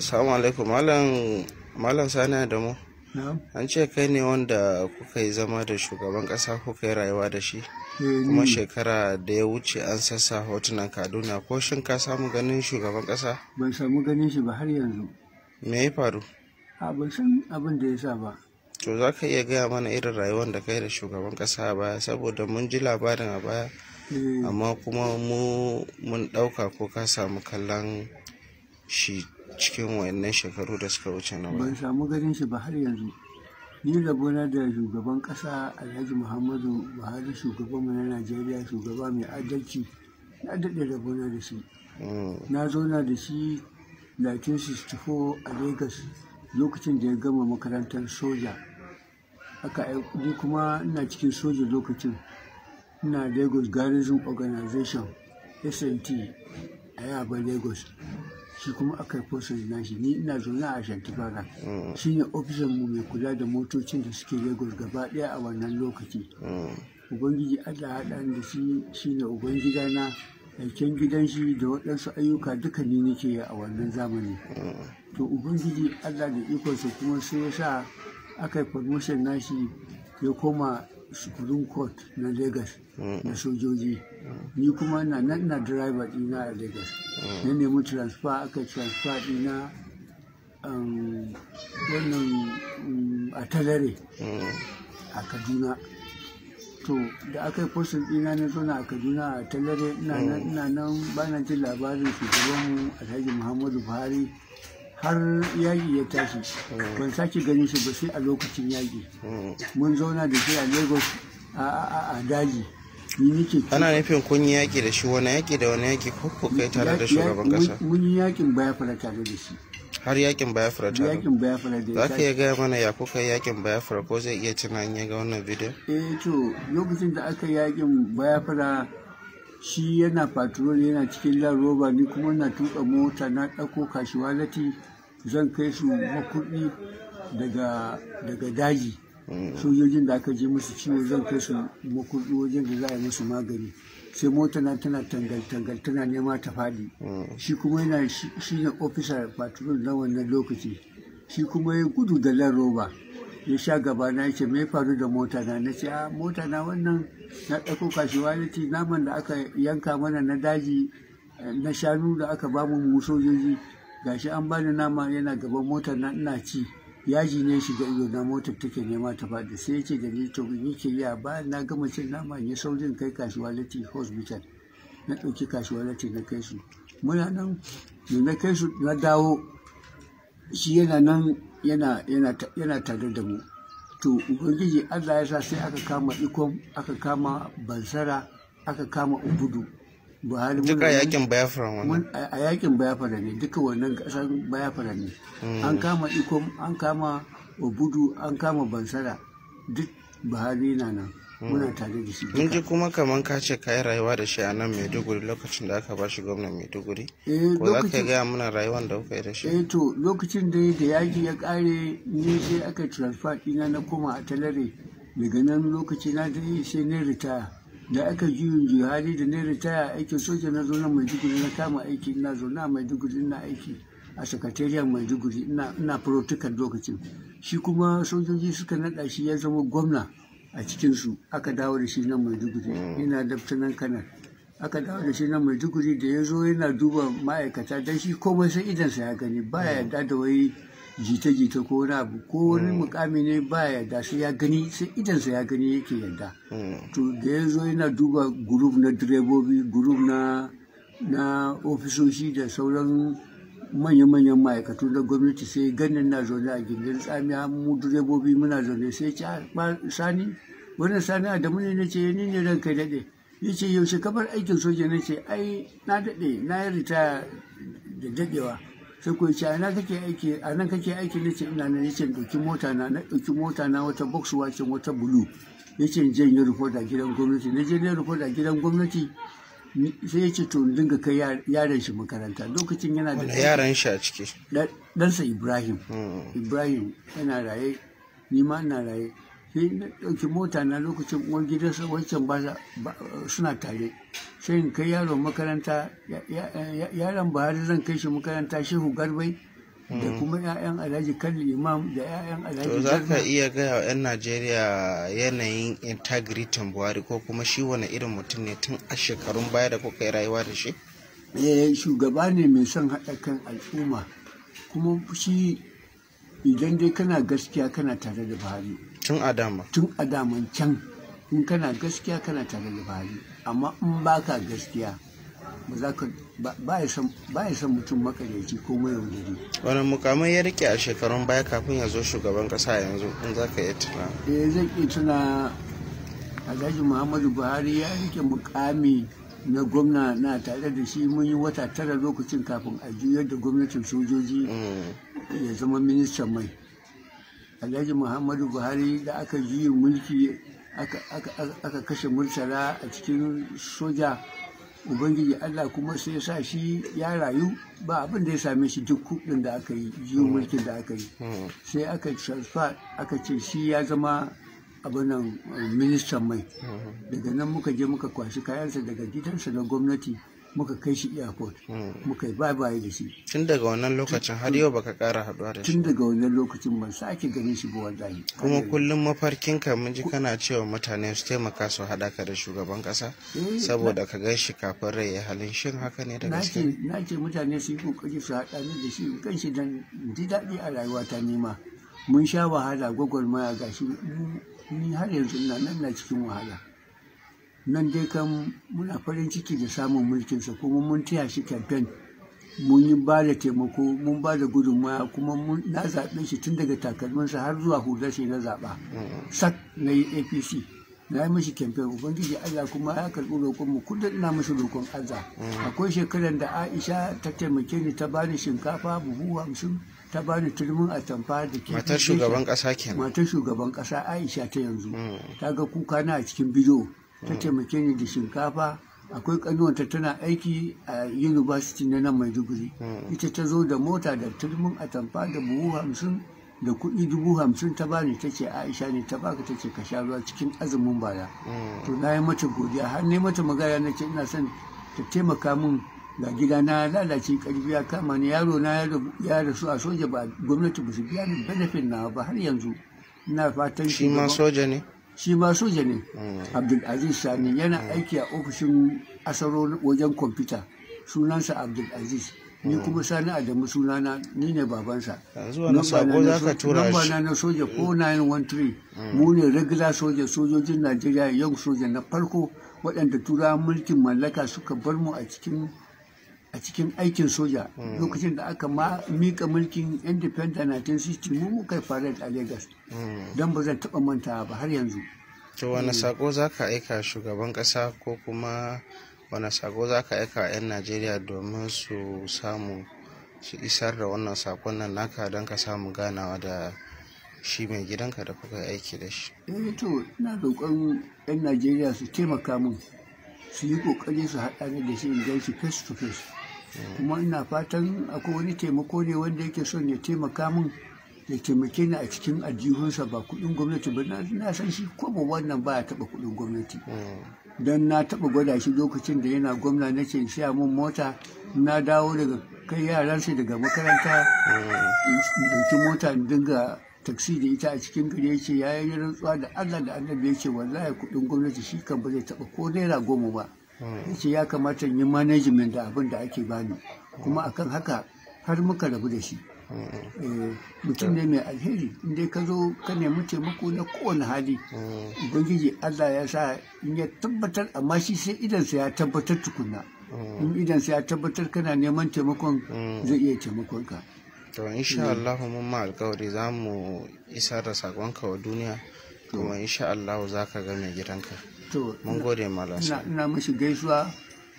Assalamu alaikum malam malam Sani Adamu. An ce kai ne wanda kuka yi zama da shugaban kasa kuka yi rayuwa da shi. Eh, kuma shekara da ya wuce an sassa hotunan Kaduna ko shin ka samu ganin shugaban kasa? Ban samu ganin shi ba har yanzu. Me ya faru? A ban abin da ya sa ba. To za ka iya gaya mana irin rayuwar da kai da shugaban kasa ba saboda mun ji labarin a baya. Eh. Amma kuma mu mun ɗauka ko ka samu kallon shi cikin wayannan shekaru da suka wuce na ba. ban samu garin shi ba har yanzu ni gona da shugaban kasa alhaji muhammadu buhari shugaban mu na najeriya shugaba mai adalci na daɗe gona da shi mm. na zauna da shi 1964 a lagos lokacin da ya gama makarantar soja aka ni kuma ina cikin soja lokacin ina lagos garrison organization snt a yaba lagos shi kuma aka yi nashi ni ina zaune a shantibara shi ne ofishin mu mai kula da motocin da suke lagos gaba daya a wannan lokaci ubangiji allah hada da shi shine ubangida na aiken gidan shi da waɗansu ayyuka duka ni nake a wannan zamani to ubangiji allah da ikonsa kuma sai ya sa aka yi promotion nashi ya koma supreme court na lagos na sojoji ni kuma na nan na driver dina a lagos na nemi transfer aka transfer dina um, wannan mm, a talare a kaduna to da aka yi fursun dina na zona a kaduna a talare ina nan ba na jin labarin shugabanmu alhaji muhammadu buhari har yaƙi ya tashi ban sake ganin shi ba sai a lokacin yaƙi mun zauna da shi a lagos a daji ni nake ana nufin kun yi yaƙi da shi wani yaƙi da wani yaƙi ko kai tare da shugaban kasa mun yi yaƙin fara tare da shi har yakin bayafra tare yakin fara da za ka iya gaya mana ya kai yakin fara ko zai iya cin hanya ga wannan bidiyon eh to lokacin da aka yakin fara. shi yana patrol yana cikin lan roba ni kuma na tuka mota na ɗauko kashiwalati zan kai su makuɗi daga daji mm. sojojin da aka je musu ciwo zan kai su makuɗi wajen da za a yi musu magani sai mota na tana tangal-tangal tana nema ta faɗi mm. shi kuma yana shi ne ofisar patrol na wannan lokaci shi kuma ya gudu da lan roba ya sha gaba na ce me faru da mota na na ce a mota na wannan na ɗauko kashewa ya ce naman da aka yanka mana na daji eh, na shanu da aka bamu mu sojoji shi an bani nama yana gaban mota na ina ci yaji ne shiga ido na motar take nema ta faɗi sai ya ce da ni to in ke ya ba na gama cin nama ya saujin saurin kai kashewa lati hospital na ɗauki kashewa lati na kai su muna nan da na kai su na dawo shi yana nan yana tare da mu to ubangiji Allah ya sa sai aka kama ikon aka kama bansara aka kama ubudu buhari duka yakin a yakin bayafara ne duka wannan kasar bayafara ne hmm. an kama ikon an kama ubudu, an kama bansara duk buhari na nan muna hmm. tare da shi mun ji kuma kamar ka ce yi rayuwa da shi a nan maiduguri lokacin da aka bashi gwamnan maiduguri eh, ko za ka gaya muna rayuwar da kuka yi da shi eh to lokacin da da yaki ya kare ni sai aka transfer dina na koma a talare daga nan lokaci na da sai na ritaya da aka juyin jihadi da ne ritaya aikin soja na zo nan maiduguri na kama aiki na zo na maiduguri na aiki a sakatariyar maiduguri ina protokan lokacin shi kuma sojoji suka naɗa shi ya zama gwamna a cikinsu aka dawo da shi nan maiduguri yana mm. daftanan kanar aka dawo da shi nan maiduguri da ya zo yana duba ma'aikata don shi komai sai idansa ya gani ba ya mm. yarda da wai jita-jita ko wani abu ko wani mm. mukami ne ba ya yarda sai ya gani sai idansa ya gani yake yarda to da ya zo yana duba guruf na direbobi guruf na na ofisoshi da sauran manya-manyan ma'aikatu na gwamnati sai ganin na zaune a gindin tsamiya mu direbobi muna zaune sai ce ah, sani wannan sani adamu ne na ce ni ne kai daɗe ya ce yaushe kamar aikin soja na ce ai na daɗe na yi ritaya da daɗewa sai ko ce kake aiki a nan kake aiki na ce ina nan yace ɗauki mota na na ɗauki mota na wata box wacin wata bulu yace in je in yi gidan gwamnati na je na yi gidan gwamnati sai ya ce to dinga kai yaran shi makaranta lokacin yana da yaran shi a ciki ɗansa ibrahim hmm. ibrahim yana raye ni ma ina raye sai na ɗauki mota na lokacin uwar gidansa wancan ba suna tare sai in kai yaron makaranta yaran buhari zan kai shi makaranta shehu garbai da mm. kuma 'ya'yan alhaji kan imam da 'ya'yan alhaji to za ka iya gaya wa 'yan najeriya yanayin integritin buhari ko kuma shi wani irin mutum ne tun a shekarun baya da kuka yi rayuwa da shi eh, shugaba ne mai son haɗa kan al'umma kuma shi idan dai kana gaskiya kana tare da buhari tun adama tun adaman can in kana gaskiya kana tare da buhari amma in baka gaskiya ba za ka ba ya san mutum makareci ko mai wuri wani mukamai ya rike a shekarun baya kafin ya zo shugaban kasa yanzu in za ka iya tuna eh zan iya tuna alhaji muhammadu buhari ya rike mukami na gwamna na tare da shi mun yi wata tara lokacin kafin a juyar da gwamnatin sojoji mm. ya zama ministan mai alhaji muhammadu buhari da aka juyin mulki aka kashe murtala a cikin soja ubangiji allah kuma sai sa shi ya rayu ba abin da ya same shi duk kudin da aka yi jiyo hmm. mulkin da aka yi hmm. sai aka transfer aka ce shi ya zama abinan ministan mai hmm. daga nan muka je muka kwashi kayansa daga gidansa na gwamnati muka kai shi airport muka yi bye da shi tun daga wannan lokacin har yau baka kara haɗuwa da shi tun daga wannan lokacin ban sake ganin shi ba wallahi kuma kullum mafarkin ka mun ji kana cewa mutane su taimaka su hada ka da shugaban kasa eh, saboda ka ga shi kafin rai ya halin shin haka ne da gaske na ce mutane su yi kokari su haɗa, ni da shi kan shi dan ji daɗi a rayuwa ta nema mun sha wahala gwagwarmaya shi. ni har yanzu ina nan na cikin wahala nan dai kan muna farin ciki da samun mulkinsa kuma mun taya shi kamfen mun yi ba da taimako mun ba da kuma na zaɓe shi tun daga takalminsa har zuwa hular shi na zaɓa mm-hmm. sak na yi apc na yi mashi kyamfe ubangiji allah kuma ya karɓi roƙon mu kullum ina mashi roƙon allah mm-hmm. akwai shekarar da aisha ta taimake ni ta bani shinkafa buhu hamsin ta bani turmin atamfa da ke matar shugaban ƙasa kenan matar shugaban ƙasa aisha ta yanzu mm-hmm. ta ga kuka na a cikin bidiyo ta taimake ni da shinkafa akwai ta tana aiki a university na nan maiduguri hmm. ita ta zo da mota da turmin atamfa da buhu hamsin da kuɗi dubu hamsin ta bani ta ce aisha ne ta baka ta ce ka sha ruwa cikin azumin baya hmm. to na yi mata godiya har ne mata magana na ce ina son ta taimaka min ga gida na lalace karfi ya kama ni yaro na ya rasu a soja ba gwamnati ba su biya ni benefit na ba har yanzu ina fatan shi ma soja ne shi ma soja ne mm. abdulaziz sani yana mm. aiki a ofishin asaro wajen kwamfuta sunansa abdulaziz ni mm. kuma sani adamu sunana ni ne babansa lamba na soja 4913 mu ne regular soja sojojin nigeria yau soja na farko waɗanda turawa mulkin mallaka suka bar mu a cikin a cikin aikin soja hmm. lokacin da aka mika mulkin independent 1960 mu muka fara a lagos hmm. don ba zan taba manta ba har yanzu to wani sako za ka aika shugaban kasa ko kuma wani sako za ka aika 'yan najeriya domin su samu su isar da wannan sakon nan naka don ka samu ganawa da shi mai gidanka da kuka aiki da shi eh to na roƙon 'yan najeriya su taimaka mun su yi ƙoƙari su haɗa da shi in gan shi face to face kuma ina fatan akwai wani taimako ne wanda yake son ya taimaka min ya taimake ni a cikin aljihunsa ba kuɗin gwamnati ba na san shi kuma wannan ba ya taɓa kuɗin gwamnati don na taɓa gwada shi lokacin da yana gwamna na ce siya mun mota na dawo daga kai yaransa daga makaranta ɗauki mota in dinga taksi da ita a cikin gari ya ce ya yi rantsuwa da allah da annabi ya ce wallahi kuɗin gwamnati shi kan ba zai taɓa ko naira goma ba yace ya kamata in yi management da abin da ake bani kuma akan haka har muka rabu da shi eh, mutum ne mai alheri inda ka zo ka nemi taimako na kowane hali ubangiji allah ya sa in ya tabbatar amma shi sai idansa ya tabbatar tukuna in idansa ya tabbatar kana neman taimakon zai iya taimakon ka to insha Allah mun ma alkawari za mu isar da sakonka wa duniya kuma insha Allah za ka ga mai gidanka mun gode malam ina mashi gaisuwa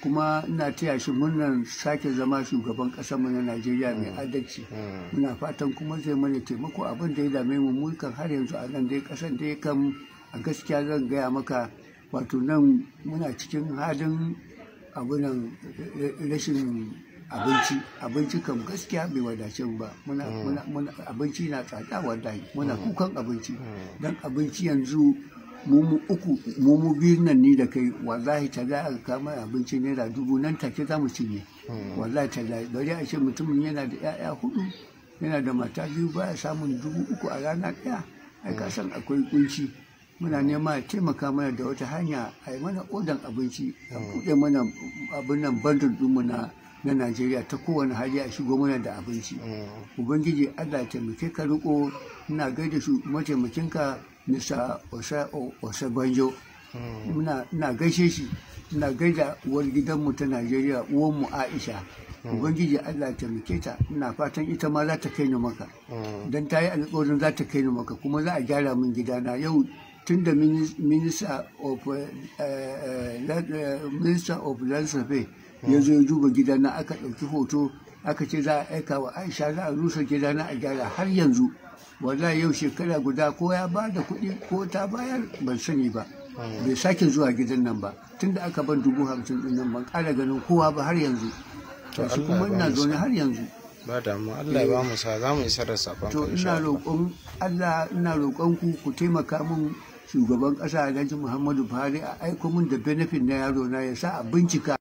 kuma ina taya shi munnan sake zama shugaban ƙasar mu na Najeriya mai mm. adalci mm. muna fatan kuma zai mana taimako abin da ya dame mu mu kan har yanzu a nan dai ƙasar dai kan a gaskiya zan gaya maka wato nan muna cikin halin abunan rashin abinci abinci kam gaskiya bai wadace ba mm. muna abinci na tsada wallahi muna kukan abinci dan abinci yanzu mu uku mu biyu nan ni da kai wallahi ta za a kama abinci naira dubu nan take za mu cinye wallahi ta za gari a ce mutumin yana da 'ya'ya hudu yana da mata biyu baya samun dubu uku a rana ɗaya ai ka akwai kunci muna nema ya taimaka mana da wata hanya a yi mana odan abinci a buɗe mana abin nan bandar ɗinmu na na Najeriya ta kowane hali a shigo mana da abinci. Ubangiji Allah taimake ka riko ina gaida mataimakinka nisa Osa Gwanjo. Muna gaishe shi, muna gaida uwar gidanmu ta Najeriya, uwanmu Aisha. Hmm. Ubangiji Allah taimake ta, ina fatan ita ma za ta kai ni maka. Hmm. Don ta yi alƙawarin za ta kai ni maka, kuma za a gyara min gidana yau tun da Minister of eh, eh, eh, Landscape hmm. ya zo ya duba gidana aka ɗauki hoto aka ce za a aika wa Aisha za a rusa gidana a gyara har yanzu. wallahi yau shekara guda ko ya ba da kuɗi ko ta bayar ban sani ba bai sake zuwa gidan nan ba tunda aka ban dubu hamsin din nan ban ƙara ganin kowa ba har yanzu to shi kuma ina zaune har yanzu ba damu Allah ya ba mu sa za mu isa da safan to ina roƙon Allah ina roƙon ku ku taimaka min shugaban ƙasa Alhaji Muhammadu Buhari a aiko min da benefit na yaro na ya sa a bincika